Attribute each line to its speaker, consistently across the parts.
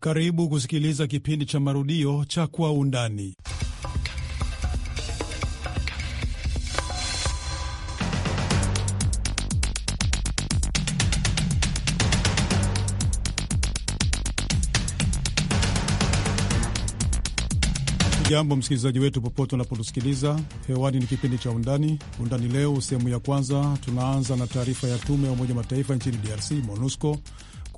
Speaker 1: Karibu kusikiliza kipindi cha marudio cha Kwa Undani. Jambo msikilizaji wetu, popote unapotusikiliza hewani, ni kipindi cha Undani. Undani leo sehemu ya kwanza, tunaanza na taarifa ya tume ya Umoja Mataifa nchini DRC, MONUSCO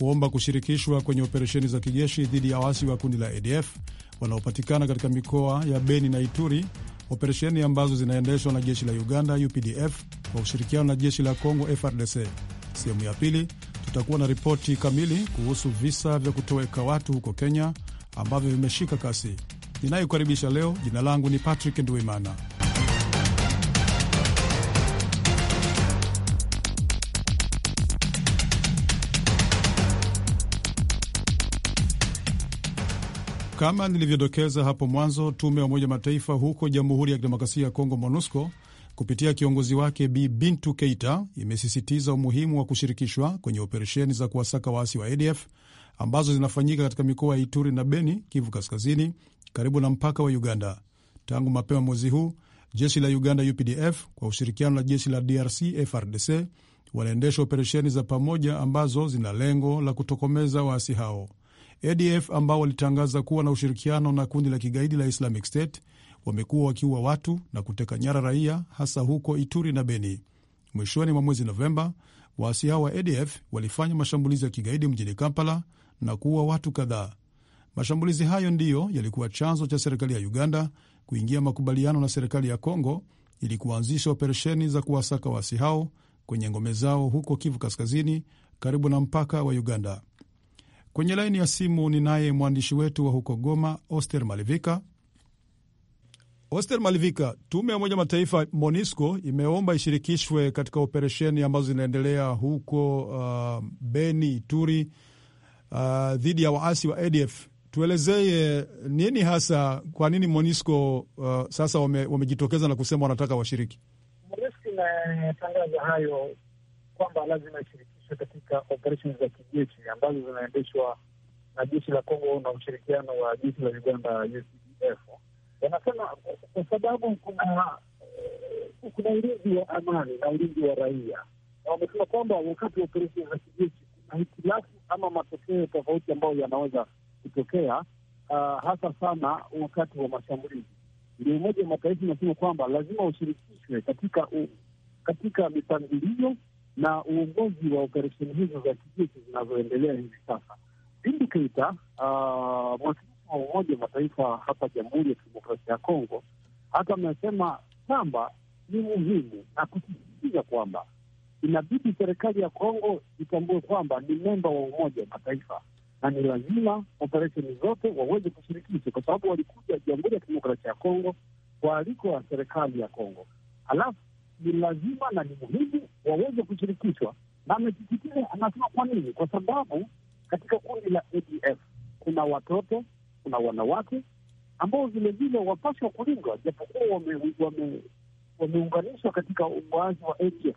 Speaker 1: kuomba kushirikishwa kwenye operesheni za kijeshi dhidi ya waasi wa kundi la ADF wanaopatikana katika mikoa ya Beni na Ituri, operesheni ambazo zinaendeshwa na jeshi la Uganda UPDF kwa ushirikiano na jeshi la Kongo FRDC. Sehemu ya pili tutakuwa na ripoti kamili kuhusu visa vya kutoweka watu huko Kenya ambavyo vimeshika kasi. Ninayekukaribisha leo, jina langu ni Patrick Nduimana. Kama nilivyodokeza hapo mwanzo, tume ya Umoja Mataifa huko Jamhuri ya Kidemokrasia ya Kongo, MONUSCO, kupitia kiongozi wake Bi Bintu Keita, imesisitiza umuhimu wa kushirikishwa kwenye operesheni za kuwasaka waasi wa ADF ambazo zinafanyika katika mikoa ya Ituri na Beni, Kivu Kaskazini, karibu na mpaka wa Uganda. Tangu mapema mwezi huu, jeshi la Uganda UPDF kwa ushirikiano na jeshi la DRC FRDC wanaendesha operesheni za pamoja ambazo zina lengo la kutokomeza waasi hao. ADF ambao walitangaza kuwa na ushirikiano na kundi la kigaidi la Islamic State wamekuwa wakiua watu na kuteka nyara raia hasa huko Ituri na Beni. Mwishoni mwa mwezi Novemba, waasi hao wa ADF walifanya mashambulizi ya kigaidi mjini Kampala na kuua watu kadhaa. Mashambulizi hayo ndiyo yalikuwa chanzo cha serikali ya Uganda kuingia makubaliano na serikali ya Kongo ili kuanzisha operesheni za kuwasaka waasi hao kwenye ngome zao huko Kivu Kaskazini, karibu na mpaka wa Uganda. Kwenye laini ya simu ninaye mwandishi wetu wa huko Goma, Oster Malivika. Oster Malivika, tume ya Umoja Mataifa MONISCO imeomba ishirikishwe katika operesheni ambazo zinaendelea huko uh, Beni, Ituri uh, dhidi ya waasi wa ADF. Tuelezee nini hasa, kwa nini MONISCO uh, sasa wamejitokeza wame na kusema wanataka washiriki.
Speaker 2: MONISCO imetangaza hayo kwamba lazima ishiriki kuhusika katika operesheni za kijeshi ambazo zinaendeshwa na jeshi la Kongo na ushirikiano wa jeshi la Uganda UCDF. Wanasema kwa sababu kuna eh, kuna ulinzi wa amani na ulinzi wa raia, na wamesema kwamba wakati wa operesheni za kijeshi kuna hitilafu ama matokeo tofauti ambayo yanaweza kutokea, uh, hasa sana wakati wa mashambulizi. Ndio Umoja wa Mataifa inasema kwamba lazima ushirikishwe katika katika mipangilio na uongozi wa operesheni hizo za kijeshi zinazoendelea hivi sasa. Bindu Keita, uh, mwakilishi wa Umoja wa Mataifa hapa Jamhuri ya Kidemokrasia ya Kongo, hata amesema kwamba ni muhimu na kusisitiza kwamba inabidi serikali ya Kongo itambue kwamba ni memba wa Umoja wa Mataifa na ni lazima operesheni zote waweze kushirikishwa, kwa sababu walikuja Jamhuri ya Kidemokrasia ya Kongo kwa aliko wa serikali ya Kongo alafu ni lazima na ni muhimu waweze kushirikishwa, na amesisitiza, anasema kwa nini? Kwa sababu katika kundi la ADF kuna watoto, kuna wanawake ambao vilevile wapashwa kulindwa, japokuwa wameunganishwa wame, wame katika umbaazi wa ADF,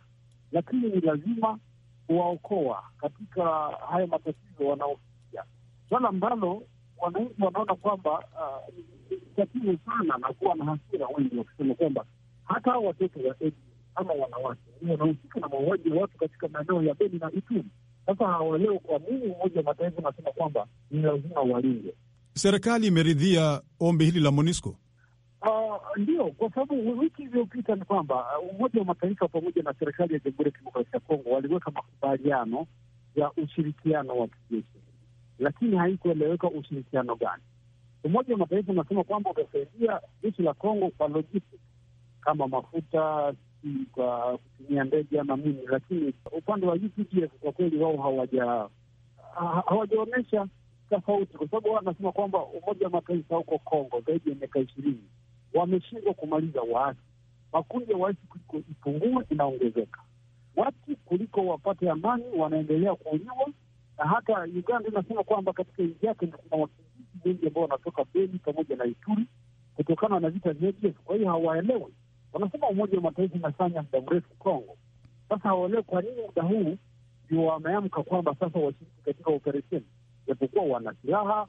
Speaker 2: lakini ni lazima kuwaokoa katika haya matatizo wanaofikia, swala ambalo wananchi wanaona kwamba uh, tatizo sana na kuwa na hasira wengi, wakisema kwamba hata watoto wa ADF ama wanawake yaani wanahusika na mauaji ya watu katika maeneo ya Beni na Ituri. Sasa hawaleo kwa nini Umoja wa Mataifa unasema kwamba ni
Speaker 1: lazima walinde? Serikali imeridhia ombi hili la MONUSCO.
Speaker 2: Uh, ndio kwa sababu wiki iliyopita ni kwamba uh, Umoja wa Mataifa pamoja na serikali ya Jamhuri ya Kidemokrasia ya Kongo waliweka makubaliano ya ushirikiano wa kijeshi, lakini haikueleweka ushirikiano gani. Umoja wa Mataifa unasema kwamba utasaidia jeshi la Kongo kwa logistics kama mafuta, Urusi kwa kutumia ndege ama nini, lakini upande wa UPDF kwa kweli wao hawaja hawajaonyesha tofauti, kwa sababu wao wanasema kwamba Umoja wa Mataifa huko Kongo zaidi ya miaka ishirini wameshindwa kumaliza waasi. Makundi ya waasi kuliko ipungua inaongezeka, watu kuliko wapate amani wanaendelea kuuliwa, na hata Uganda inasema kwamba katika nchi yake kuna wakimbizi wengi ambao wanatoka Beni pamoja na Ituri kutokana na vita vya ADF. Kwa hiyo hawaelewi Wanasema Umoja wa Mataifa umefanya muda mrefu Kongo. Sasa hawaelewe kwa nini muda huu ndio wameamka kwamba sasa washiriki katika operesheni, japokuwa wana silaha,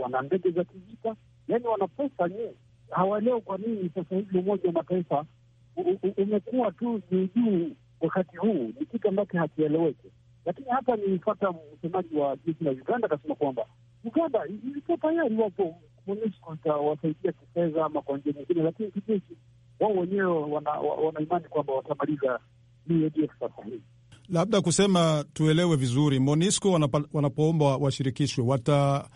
Speaker 2: wana ndege za kivita, yani wana pesa nyingi. Hawaelewi kwa nini sasa hivi Umoja wa Mataifa umekuwa tu juu juu wakati huu. Ni kitu ambacho hakieleweki, lakini hapa nilipata msemaji wa jeshi la Uganda akasema kwamba Uganda ilikuwa tayari wapo MONUSCO itawasaidia kifedha ama kwa njia nyingine, lakini kijeshi wao wenyewe wana, wana imani kwamba watamaliza ADF sasa hivi.
Speaker 1: Labda kusema tuelewe vizuri, monisco wanapoomba washirikishwe wata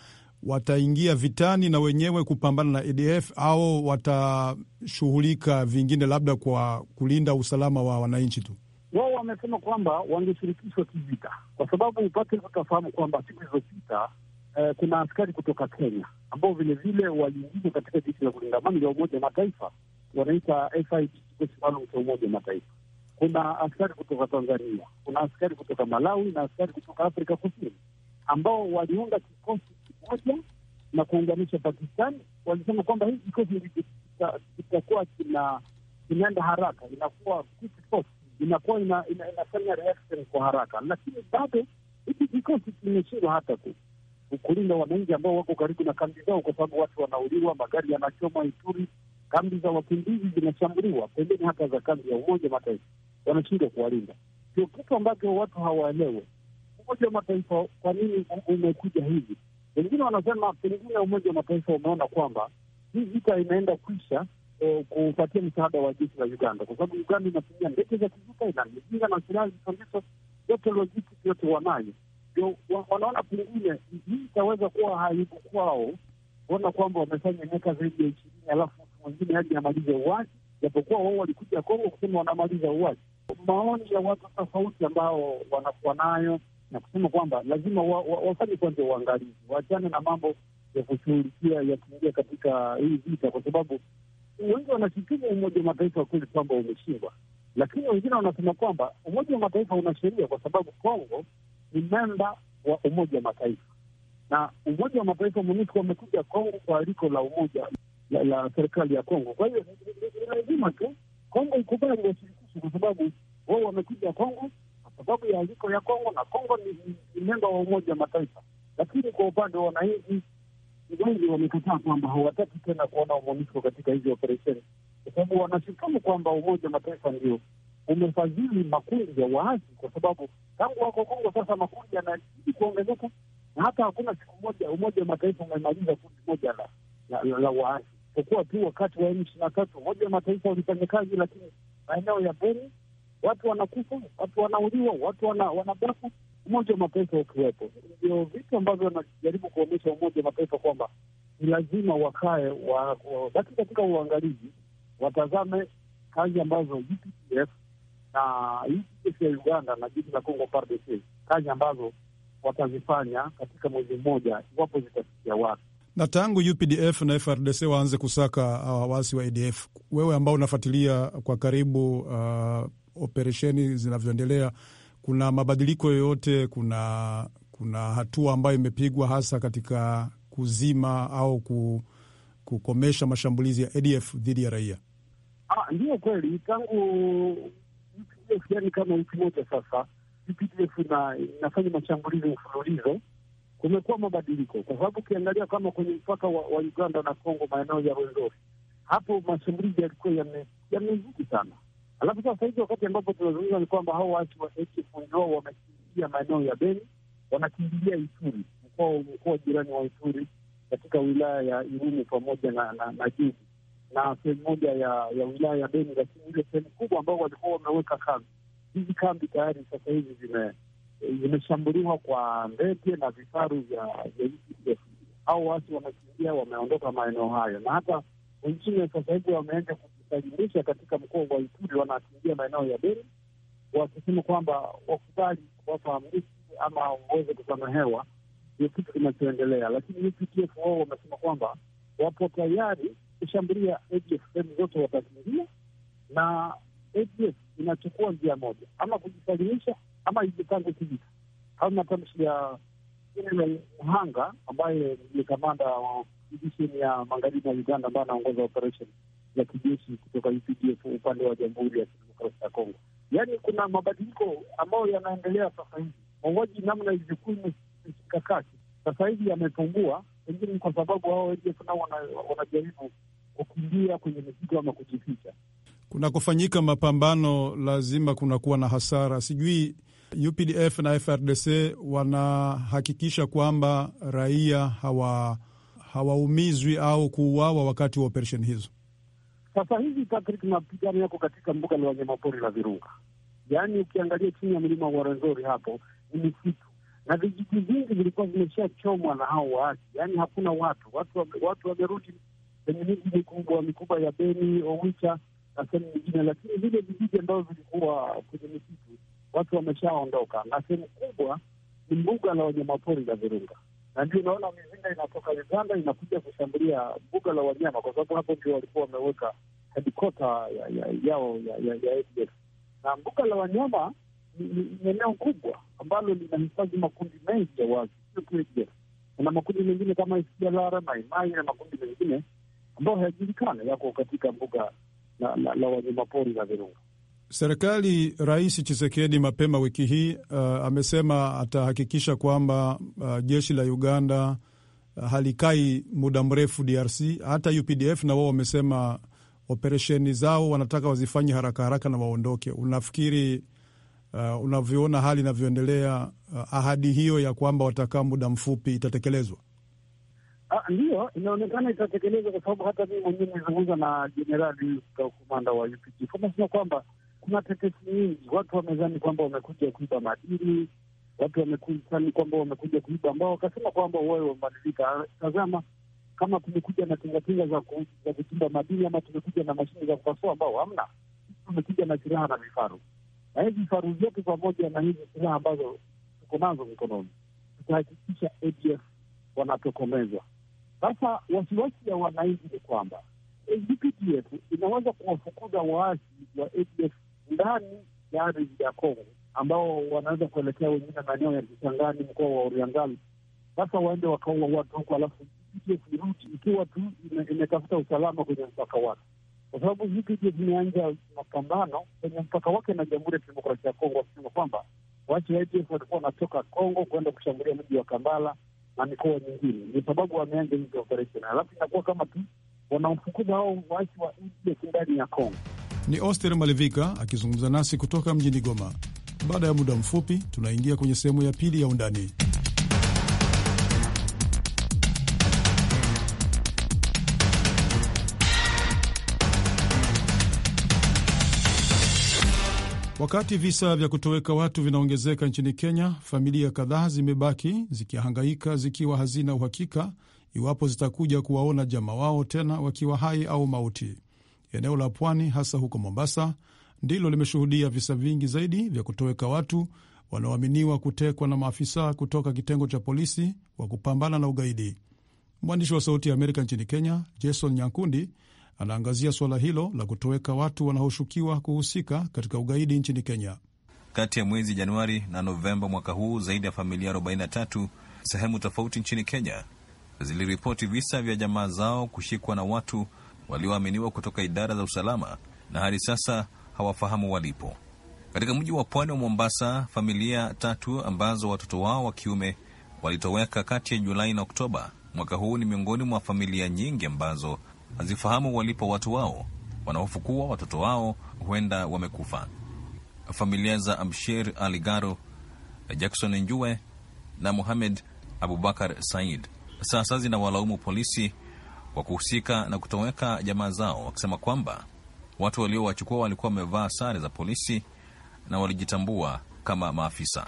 Speaker 1: wataingia vitani na wenyewe kupambana na ADF au watashughulika vingine, labda kwa kulinda usalama wa wananchi tu?
Speaker 2: Wao wamesema kwamba wangeshirikishwa kivita, kwa sababu upate utafahamu kwamba siku hizopita eh, kuna askari kutoka Kenya ambao vilevile waliingizwa katika jeshi la kulinda amani la Umoja Mataifa wanaita kikosi maalum cha Umoja wa Mataifa. Kuna askari kutoka Tanzania, kuna askari kutoka Malawi na askari kutoka Afrika Kusini ambao waliunda kikosi kimoja na kuunganisha Pakistan. Walisema kwamba hii kikosi kitakuwa kina inaenda haraka, inakuwa inakuwa ina, ina, inafanya reaction kwa haraka, lakini bado hiki kikosi kimeshindwa hata ku kulinda wananchi ambao wako karibu na kambi zao, kwa sababu watu wanauliwa, magari yanachoma Ituri, kambi za wakimbizi zinashambuliwa, pembeni hata za kambi ya Umoja wa Mataifa, wanashindwa kuwalinda. Ndio kitu ambacho watu hawaelewe. Umoja wa Mataifa kwa nini umekuja hivi? Wengine wanasema pengine Umoja wa Mataifa umeona kwamba hii vita inaenda kuisha e, kupatia msaada wa jeshi la Uganda, kwa sababu Uganda inatumia ndege za kivita, ina mizinga na silaha zisondizo yote, lojiki yote wanayo. Ndio wanaona pengine hii itaweza kuwa haibu kwao, kuona kwamba wamefanya miaka zaidi ya ishirini alafu mwingine hadi amalize uwazi japokuwa wao walikuja Kongo kusema wanamaliza uwazi Maoni ya watu tofauti ambao wanakuwa nayo na kusema kwamba lazima wafanye kwanza uangalizi, waachane na mambo ya kushughulikia ya kuingia katika hii vita, kwa sababu wengi wanashutumu Umoja wa Mataifa kweli kwamba umeshindwa, lakini wengine wanasema kwamba Umoja wa Mataifa una sheria, kwa sababu Kongo ni memba wa Umoja wa Mataifa na Umoja wa Mataifa MONUSCO wamekuja Kongo kwa aliko la umoja la, la serikali ya Kongo. Kwa hiyo ni lazima tu Kongo ikubali washirikishi, kwa sababu wao wamekuja Kongo kwa sababu ya aliko ya Kongo na Kongo ni memba wa Umoja Mataifa, lakini kwa upande wa wananchi wengi wamekataa kwamba hawataki tena kuona MONUSCO katika hizi operesheni, kwa sababu wanashutumu kwamba Umoja Mataifa ndio umefadhili makundi ya waasi, kwa sababu tangu wako Kongo sasa makundi yanazidi kuongezeka, na hata hakuna siku moja Umoja Mataifa umemaliza kundi moja la, la, la, la waasi isipokuwa tu wakati wa M ishirini na tatu Umoja wa Mataifa ulifanya kazi, lakini maeneo ya Beni watu wanakufa, watu wanauliwa, watu wanabafu, Umoja wa Mataifa ukiwepo. Ndio vitu ambavyo wanajaribu kuonyesha Umoja wa Mataifa kwamba ni lazima wakae wabaki katika uangalizi, watazame kazi ambazo UPDF e na UPDF e ya Uganda na jeshi la Congo FARDC, kazi ambazo watazifanya katika mwezi mmoja, iwapo zitafikia watu
Speaker 1: na tangu UPDF na FRDC waanze kusaka uh, waasi wa ADF, wewe ambao unafuatilia kwa karibu uh, operesheni zinavyoendelea, kuna mabadiliko yoyote? Kuna, kuna hatua ambayo imepigwa hasa katika kuzima au ku, kukomesha mashambulizi ya ADF dhidi ya raia?
Speaker 2: Ah, ndiyo kweli, tangu UPDF yani kama wiki moja sasa UPDF inafanya mashambulizi mfululizo kumekuwa mabadiliko, kwa sababu ukiangalia kama kwenye mpaka wa, wa Uganda na Kongo, maeneo ya Rwenzori, hapo mashambulizi yalikuwa yamezidi sana. Alafu sasa hivi wakati ambapo tunazungumza ni kwamba hao waasi wa wamekimbilia maeneo ya Beni, wanakimbilia Ituri, mkoa jirani wa Ituri, katika wilaya ya Irumu pamoja na na, na Jugu na sehemu moja ya ya wilaya ya Beni, lakini ile sehemu kubwa ambao walikuwa wameweka kambi, hizi kambi tayari sasa hivi zime zimeshambuliwa kwa ndege na vifaru vya au watu wamekimbia, wameondoka maeneo hayo, na hata wengine sasa hivi wameenda kujisajilisha katika mkoa wa Ituri, wanakimbia maeneo ya Beni wakisema kwamba wakubali kuwapa amnesti ama waweze kusamehewa. Ndio kitu kinachoendelea, lakini UPDF wao wamesema kwamba wapo tayari kushambulia ADF, sehemu zote watakimbia, na ADF inachukua njia moja, ama kujisalimisha ama haijapangwa kivita. na matamshi ya Muhanga ambaye ni kamanda wa divisheni ya magharibi ya Uganda ambaye anaongoza operesheni ya kijeshi kutoka UPDF upande wa Jamhuri ya Kidemokrasia ya Kongo. Yaani kuna mabadiliko ambayo yanaendelea sasa hivi, mauaji namna ilivyokuwa imekakati sasa hivi yamepungua, pengine kwa sababu hao ADF nao wanajaribu kukimbia kwenye misitu ama kujificha.
Speaker 1: Kuna kufanyika mapambano, lazima kunakuwa na hasara. Sijui UPDF na FRDC wanahakikisha kwamba raia hawa hawaumizwi au kuuawa wakati wa operesheni hizo.
Speaker 2: Sasa hivi Patrick, mapigano yako katika mbuga la wanyamapori la Virunga, yaani ukiangalia chini ya mlima wa Rwenzori hapo ni misitu na vijiji vingi vilikuwa vimeshachomwa na hao waasi, yaani hakuna watu watu watu wamerudi kwenye miji mikubwa mikubwa ya Beni, Owicha na sehemu nyingine, lakini vile vijiji ambavyo vilikuwa kwenye misitu watu wameshaondoka, na sehemu kubwa ni mbuga la wanyamapori la Virunga, na ndio unaona mizinga inatoka Uganda inakuja kushambulia mbuga la wanyama, kwa sababu hapo ndio walikuwa wameweka hedikota ya, ya, yao ya, ya, ya ADF. Na mbuga la wanyama ni eneo kubwa ambalo linahifadhi makundi mengi ya wazi sio tu kuna makundi mengine kama Isialara, Maimai na makundi mengine ambayo hayajulikana yako katika mbuga la, la, la wanyamapori la Virunga.
Speaker 1: Serikali Rais Chisekedi mapema wiki hii uh, amesema atahakikisha kwamba uh, jeshi la Uganda uh, halikai muda mrefu DRC. Hata UPDF na wao wamesema operesheni zao wanataka wazifanye haraka haraka na waondoke. Unafikiri uh, unavyoona hali inavyoendelea, uh, ahadi hiyo ya kwamba watakaa muda mfupi itatekelezwa?
Speaker 2: Ah, Ndiyo, inaonekana itatekelezwa, kwa sababu hata mii mwenyewe nimezungumza na jenerali katika ukumanda wa UPG anasema kwamba kuna tetesi nyingi. Watu wamezani kwamba wamekuja kuiba madini, watu wamezani kwamba wamekuja kuiba ambao wakasema kwamba wao wamebadilika. Tazama kama tumekuja na tingatinga za kuchimba madini ama tumekuja na mashine za kupasua ambao hamna, tumekuja na silaha na vifaru, na hizi vifaru vyote pamoja na hizi silaha ambazo tuko nazo mikononi, tutahakikisha ADF wanatokomezwa. Sasa wasiwasi ya wananchi ni kwamba ADF yetu inaweza kuwafukuza waasi wa ADF ndani ya ardhi ya Kongo ambao wanaweza kuelekea wengine maeneo ya Kisangani, mkoa wa Uriangali, Sasa waende wakaua watu huko, alafu virudi ikiwa tu imetafuta usalama kwenye mpaka wake, kwa sababu hiki ndio vimeanja mapambano kwenye mpaka wake na Jamhuri ya Kidemokrasia ya Kongo, wakisema kwamba wache ADF walikuwa wanatoka Kongo kwenda kushambulia mji wa Kambala na mikoa mingine, ni sababu wameanja hizi operesheni, alafu inakuwa kama tu wanamfukuza hao waasi wa ndani ya
Speaker 1: Kongo. Ni Oster Malevika akizungumza nasi kutoka mjini Goma. Baada ya muda mfupi, tunaingia kwenye sehemu ya pili ya Undani. Wakati visa vya kutoweka watu vinaongezeka nchini Kenya, familia kadhaa zimebaki zikihangaika zikiwa hazina uhakika iwapo zitakuja kuwaona jamaa wao tena wakiwa hai au mauti. Eneo la pwani hasa huko Mombasa ndilo limeshuhudia visa vingi zaidi vya kutoweka watu wanaoaminiwa kutekwa na maafisa kutoka kitengo cha polisi wa kupambana na ugaidi. Mwandishi wa Sauti ya Amerika nchini Kenya, Jason Nyankundi, anaangazia suala hilo la kutoweka watu wanaoshukiwa kuhusika katika ugaidi nchini Kenya.
Speaker 3: Kati ya mwezi Januari na Novemba mwaka huu, zaidi ya familia 43 sehemu tofauti nchini Kenya ziliripoti visa vya jamaa zao kushikwa na watu walioaminiwa kutoka idara za usalama na hadi sasa hawafahamu walipo. Katika mji wa pwani wa Mombasa, familia tatu ambazo watoto wao wa kiume walitoweka kati ya Julai na Oktoba mwaka huu ni miongoni mwa familia nyingi ambazo hazifahamu walipo watu wao. Wanahofu kuwa watoto wao huenda wamekufa. Familia za Abshir Ali Garo, Jackson Njue na Muhamed Abubakar Said sasa zinawalaumu polisi kwa kuhusika na kutoweka jamaa zao, wakisema kwamba watu waliowachukua walikuwa wamevaa sare za polisi na walijitambua kama maafisa.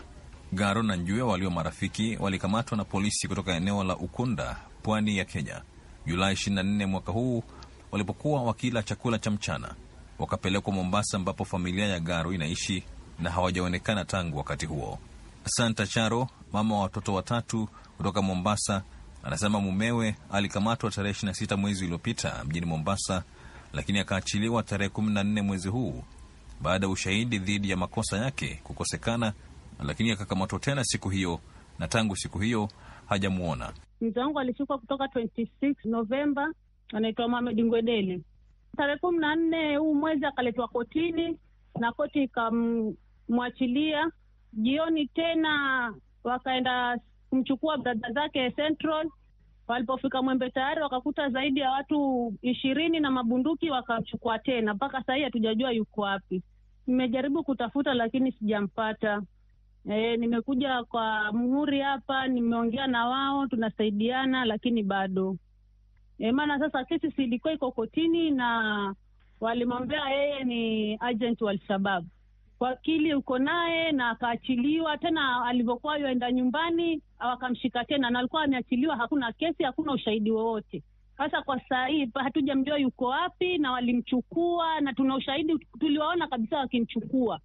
Speaker 3: Garo na Njue walio marafiki walikamatwa na polisi kutoka eneo la Ukunda, pwani ya Kenya, Julai 24 mwaka huu walipokuwa wakila chakula cha mchana. Wakapelekwa Mombasa, ambapo familia ya Garo inaishi na hawajaonekana tangu wakati huo. Santa Charo, mama wa watoto watatu kutoka Mombasa, anasema mumewe alikamatwa tarehe na sita mwezi uliopita mjini Mombasa, lakini akaachiliwa tarehe kumi na nne mwezi huu baada ya ushahidi dhidi ya makosa yake kukosekana, lakini akakamatwa tena siku hiyo na tangu siku hiyo hajamwona.
Speaker 4: Mzee wangu alishikwa kutoka 26 Novemba, anaitwa Mohamed Ngwedeli. Tarehe kumi na nne huu mwezi akaletwa kotini na koti ikamwachilia. Jioni tena wakaenda kumchukua bradha zake Central. Walipofika Mwembe tayari wakakuta zaidi ya watu ishirini na mabunduki, wakamchukua tena. Mpaka sahii hatujajua yuko wapi. Nimejaribu kutafuta lakini sijampata. E, nimekuja kwa Muhuri hapa, nimeongea na wao, tunasaidiana lakini bado e, maana sasa kesi silikuwa iko kotini na walimwambia yeye ni agent wa alshababu wakili uko naye na akaachiliwa tena. Alivyokuwa aenda nyumbani wakamshika tena, na alikuwa ameachiliwa, hakuna kesi, hakuna ushahidi wowote. Sasa kwa saa hii hatujamjua yuko wapi, na walimchukua na tuna ushahidi, tuliwaona kabisa wakimchukua.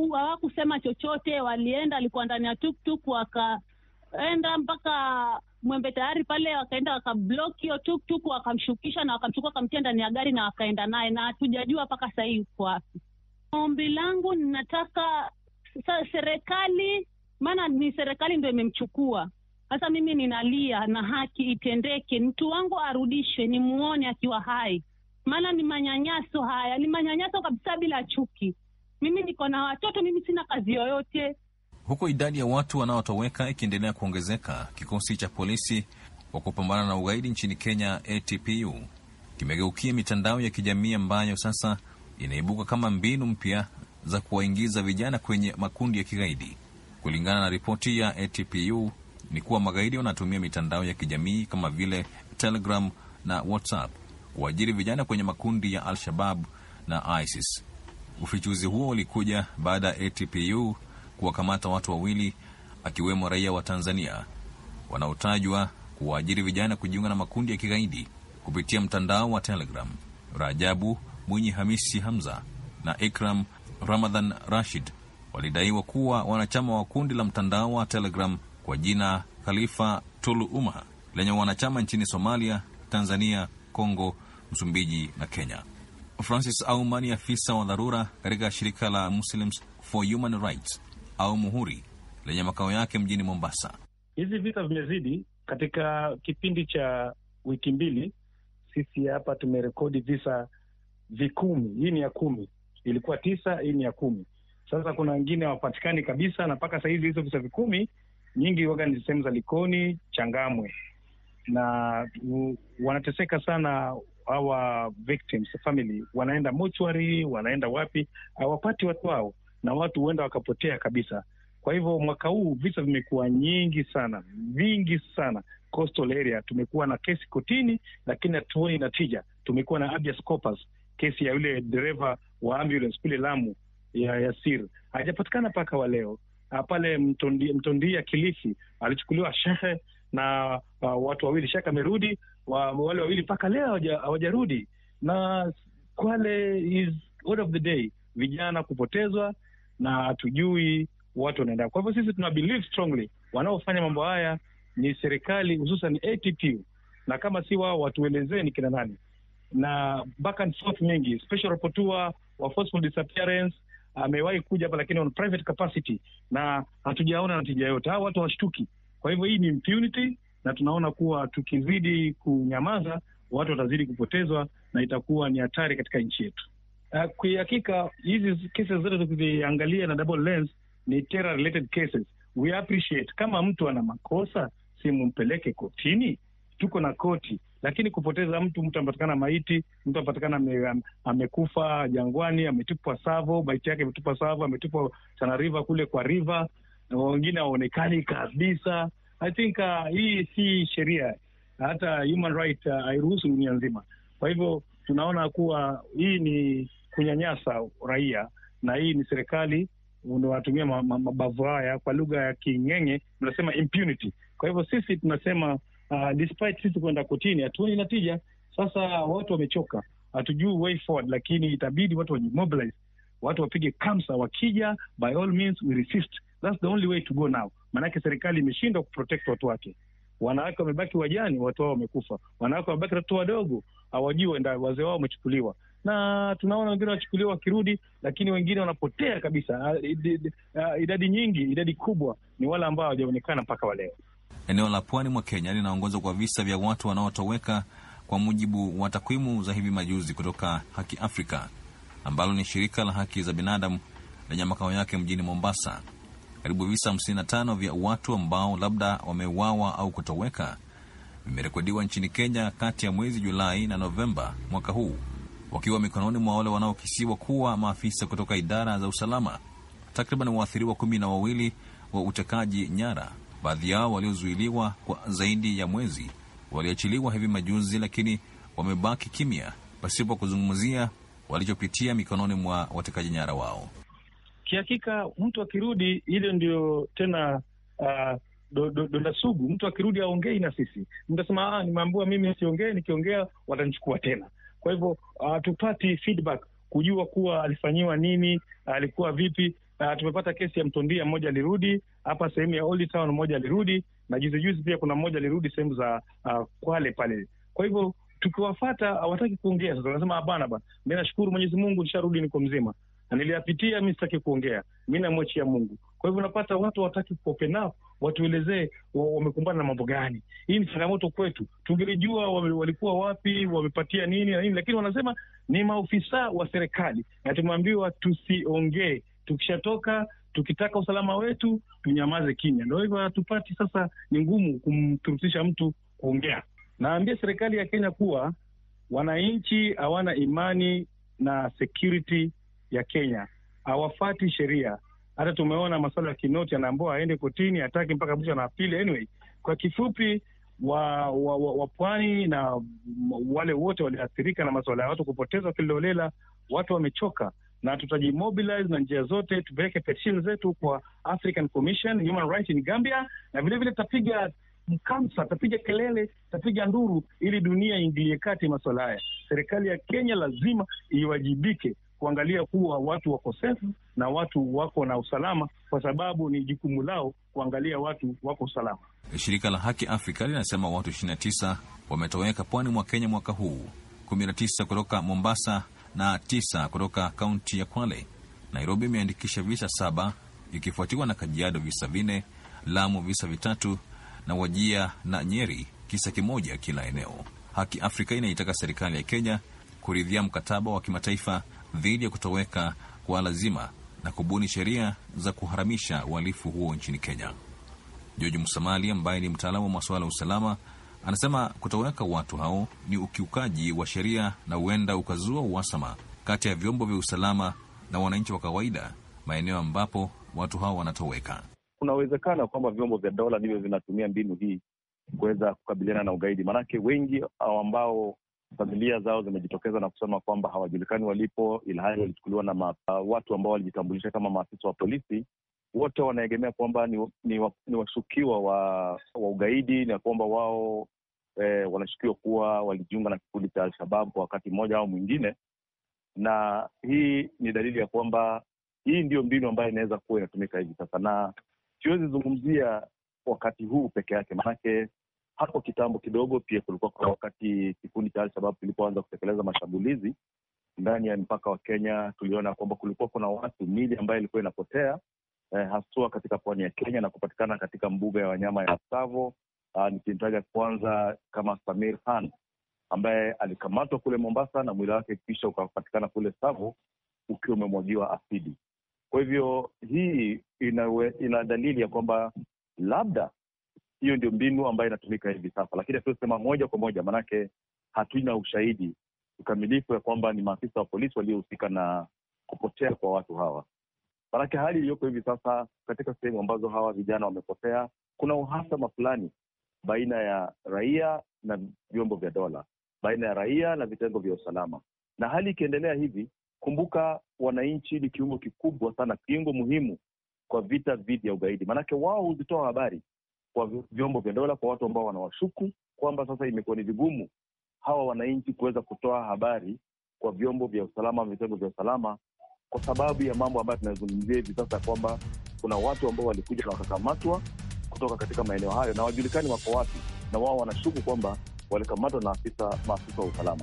Speaker 4: Hawakusema chochote, walienda, alikuwa ndani ya tuktuk, wakaenda mpaka Mwembe Tayari pale, wakaenda wakablock hiyo tuktuk, wakamshukisha na wakamchukua, wakamtia ndani ya gari na wakaenda naye, na hatujajua mpaka saa hii yuko wapi. Ombi langu ninataka serikali, maana ni serikali ndio imemchukua sasa. Mimi ninalia na haki itendeke, mtu wangu arudishwe, nimuone akiwa hai, maana ni manyanyaso haya, ni manyanyaso kabisa, bila chuki. Mimi niko na watoto, mimi sina kazi yoyote.
Speaker 3: Huku idadi ya watu wanaotoweka ikiendelea kuongezeka, kikosi cha polisi wa kupambana na ugaidi nchini Kenya, ATPU, kimegeukia mitandao ya kijamii ambayo sasa inaibuka kama mbinu mpya za kuwaingiza vijana kwenye makundi ya kigaidi. Kulingana na ripoti ya ATPU ni kuwa magaidi wanatumia mitandao ya kijamii kama vile Telegram na WhatsApp kuajiri vijana kwenye makundi ya Al-Shabab na ISIS. Ufichuzi huo ulikuja baada ya ATPU kuwakamata watu wawili akiwemo raia wa Tanzania wanaotajwa kuwaajiri vijana kujiunga na makundi ya kigaidi kupitia mtandao wa Telegram. Rajabu Mwinyi Hamisi Hamza na Ikram Ramadhan Rashid walidaiwa kuwa wanachama wa kundi la mtandao wa Telegram kwa jina Khalifa Tulu Umma lenye wanachama nchini Somalia, Tanzania, Kongo, Msumbiji na Kenya. Francis Auma ni afisa wa dharura katika shirika la Muslims for Human Rights au Muhuri lenye makao yake mjini Mombasa.
Speaker 5: Hizi visa vimezidi katika kipindi cha wiki mbili. Sisi hapa tumerekodi visa vikumi. Hii ni ya kumi, ilikuwa tisa, hii ni ya kumi. Sasa kuna wengine hawapatikani kabisa, na mpaka sahizi hizo visa vikumi nyingi waga ni sehemu za Likoni, Changamwe, na wanateseka sana hawa victims family. Wanaenda mochwari, wanaenda wapi, hawapati watu wao, na watu huenda wakapotea kabisa. Kwa hivyo mwaka huu visa vimekuwa nyingi sana, vingi sana coastal area. Tumekuwa na kesi kotini, lakini hatuoni natija. Tumekuwa na habeas corpus kesi ya yule dereva wa ambulance kule Lamu ya Yasir hajapatikana mpaka wa leo. Ah, pale Mtondia, Mtondia Kilifi, alichukuliwa shehe na uh, watu wawili, shehe amerudi, wa, wale wawili mpaka leo hawajarudi. Na Kwale is word of the day, vijana kupotezwa na hatujui watu wanaenda. Kwa hivyo sisi tuna believe strongly wanaofanya mambo haya ni serikali, hususan ATTU, na kama si wao watuelezee ni kina nani na back and forth mingi. Special rapporteur wa forceful disappearance amewahi kuja hapa, lakini on private capacity, na hatujaona natija yote. Hawa watu washtuki. Kwa hivyo hii ni impunity, na tunaona kuwa tukizidi kunyamaza watu watazidi kupotezwa na itakuwa ni hatari katika nchi yetu. Uh, kwa hakika hizi kesi zote tukiziangalia na double lens ni terror related cases. We appreciate kama mtu ana makosa simumpeleke kotini, tuko na koti lakini kupoteza mtu, mtu amepatikana maiti, mtu amepatikana ame, amekufa jangwani, ametupwa Savo, maiti yake ametupwa Savo, ametupwa sanariva kule kwa riva wengine haonekani kabisa. I think uh, hii si sheria hata human right uh, hairuhusu dunia nzima. Kwa hivyo tunaona kuwa hii ni kunyanyasa raia, na hii ni serikali unawatumia mabavu haya, kwa lugha ya king'eng'e mnasema impunity. Kwa hivyo sisi tunasema Ah, despite sisi kwenda kotini hatuoni natija. Sasa watu wamechoka, hatujui way forward, lakini itabidi watu wajimobilize, watu wapige kamsa. Wakija by all means we resist, that's the only way to go now, maanake serikali imeshindwa kuprotect watu wake. Wanawake wamebaki wajani, watu wao wamekufa, wanawake wamebaki watoto wadogo, hawajui wenda wazee wao wamechukuliwa na tunaona wengine wanachukuliwa wakirudi, lakini wengine wanapotea kabisa. Uh, idadi nyingi, idadi kubwa ni wale ambao hawajaonekana mpaka waleo.
Speaker 3: Eneo la pwani mwa Kenya linaongoza kwa visa vya watu wanaotoweka kwa mujibu wa takwimu za hivi majuzi kutoka Haki Afrika ambalo ni shirika la haki za binadamu lenye makao yake mjini Mombasa. Karibu visa 55 vya watu ambao labda wameuawa au kutoweka vimerekodiwa nchini Kenya kati ya mwezi Julai na Novemba mwaka huu, wakiwa mikononi mwa wale wanaokisiwa kuwa maafisa kutoka idara za usalama. Takriban waathiriwa kumi na wawili wa utekaji nyara Baadhi yao waliozuiliwa kwa zaidi ya mwezi waliachiliwa hivi majuzi, lakini wamebaki kimya pasipo kuzungumzia walichopitia mikononi mwa watekaji nyara wao.
Speaker 5: Kihakika mtu akirudi, ile ndio tena uh, ah, donda do, do sugu. Mtu akirudi aongei na sisi, mtasema ah, nimeambiwa mimi siongee, nikiongea watanichukua tena. Kwa hivyo ah, hatupati uh, feedback kujua kuwa alifanyiwa nini, alikuwa vipi. Uh, tumepata kesi ya Mtondia, mmoja alirudi hapa sehemu ya Old Town, mmoja alirudi na juzi juzi pia kuna mmoja alirudi sehemu za uh, Kwale pale. Kwa hivyo tukiwafata hawataki kuongea. Sasa wanasema hapana bwana, mi nashukuru Mwenyezi Mungu nisharudi, niko mzima na niliyapitia, mi sitaki kuongea, mi namwachia Mungu. Kwa hivyo unapata watu hawataki open up, watuelezee wamekumbana na mambo gani. Hii ni changamoto kwetu, tungelijua walikuwa wapi, wamepatia nini na nini, lakini wanasema ni maofisa wa serikali na tumeambiwa tusiongee Tukishatoka tukitaka usalama wetu tunyamaze kimya. ndo hivyo, hatupati sasa, ni ngumu kumturutisha mtu kuongea. Naambia serikali ya Kenya kuwa wananchi hawana imani na security ya Kenya, hawafati sheria. Hata tumeona masuala ya Kinoti anaambiwa aende kotini, hataki mpaka mwisho na apili. Anyway, kwa kifupi wa, wa, wa, wa pwani na wale wote waliathirika na masuala ya watu kupoteza kilolela watu wamechoka na tutajimobilize na njia zote, tupeleke petition zetu kwa African Commission Human Rights in Gambia, na vilevile tutapiga mkamsa, tutapiga kelele, tutapiga nduru ili dunia iingilie kati maswala haya. Serikali ya Kenya lazima iwajibike kuangalia kuwa watu wako safe na watu wako na usalama, kwa sababu ni jukumu lao kuangalia watu wako salama.
Speaker 3: Shirika la Haki Afrika linasema watu 29 wametoweka pwani mwa Kenya mwaka huu, 19 kutoka Mombasa na tisa kutoka kaunti ya Kwale. Nairobi imeandikisha visa saba ikifuatiwa na Kajiado visa vine Lamu visa vitatu na Wajia na Nyeri kisa kimoja kila eneo. Haki Afrika inaitaka serikali ya Kenya kuridhia mkataba wa kimataifa dhidi ya kutoweka kwa lazima na kubuni sheria za kuharamisha uhalifu huo nchini Kenya. George Musamali ambaye ni mtaalamu wa masuala ya usalama Anasema kutoweka watu hao ni ukiukaji wa sheria na huenda ukazua uhasama kati ya vyombo vya usalama na wananchi wa kawaida maeneo ambapo watu hao wanatoweka.
Speaker 6: uwezekano kwamba vyombo vya dola ndivyo vinatumia mbinu hii kuweza kukabiliana na ugaidi, maanake wengi ambao familia zao zimejitokeza na kusema kwamba hawajulikani walipo, ilhali walichukuliwa na ma, uh, watu ambao walijitambulisha kama maafisa wa polisi, wote wanaegemea kwamba ni, ni, ni washukiwa wa, wa ugaidi na kwamba wao eh, wanashukiwa kuwa walijiunga na kikundi cha Alshabab kwa wakati mmoja au mwingine, na hii ni dalili ya kwamba hii ndiyo mbinu ambayo inaweza kuwa inatumika hivi sasa, na siwezi zungumzia wakati huu peke yake, maanake hapo kitambo kidogo pia kulikuwa kwa wakati kikundi cha Alshabab kilipoanza kutekeleza mashambulizi ndani ya mpaka wa Kenya, tuliona kwamba kulikuwa kuna watu mili ambayo ilikuwa inapotea eh, haswa katika pwani ya Kenya na kupatikana katika mbuga ya wanyama ya Tsavo. Uh, nikimtaja kwanza kama Samir Khan ambaye alikamatwa kule Mombasa na mwili wake kisha ukapatikana kule Tsavo ukiwa umemwagiwa asidi. Kwa hivyo hii inawe, ina dalili ya kwamba labda hiyo ndio mbinu ambayo inatumika hivi sasa, lakini hatuwezisema moja kwa moja, maanake hatuna ushahidi ukamilifu ya kwamba ni maafisa wa polisi waliohusika na kupotea kwa watu hawa. Maanake hali iliyoko hivi sasa katika sehemu ambazo hawa vijana wamepotea, kuna uhasama fulani baina ya raia na vyombo vya dola, baina ya raia na vitengo vya usalama. Na hali ikiendelea hivi, kumbuka, wananchi ni kiungo kikubwa sana, kiungo muhimu kwa vita dhidi ya ugaidi, maanake wao huzitoa habari kwa vyombo vya dola, kwa watu ambao wanawashuku kwamba sasa imekuwa ni vigumu hawa wananchi kuweza kutoa habari kwa vyombo vya usalama, vitengo vya usalama kwa sababu ya mambo ambayo tunazungumzia hivi sasa, kwamba kuna watu ambao walikuja na wakakamatwa kutoka katika maeneo hayo na wajulikani wako wapi, na wao wanashuku kwamba walikamatwa na afisa maafisa wa usalama.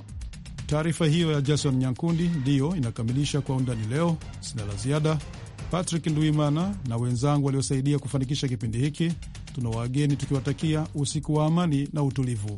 Speaker 1: Taarifa hiyo ya Jason Nyankundi ndiyo inakamilisha Kwa Undani leo. Sina la ziada. Patrick Nduimana na wenzangu waliosaidia kufanikisha kipindi hiki, tuna wageni tukiwatakia usiku wa amani na utulivu.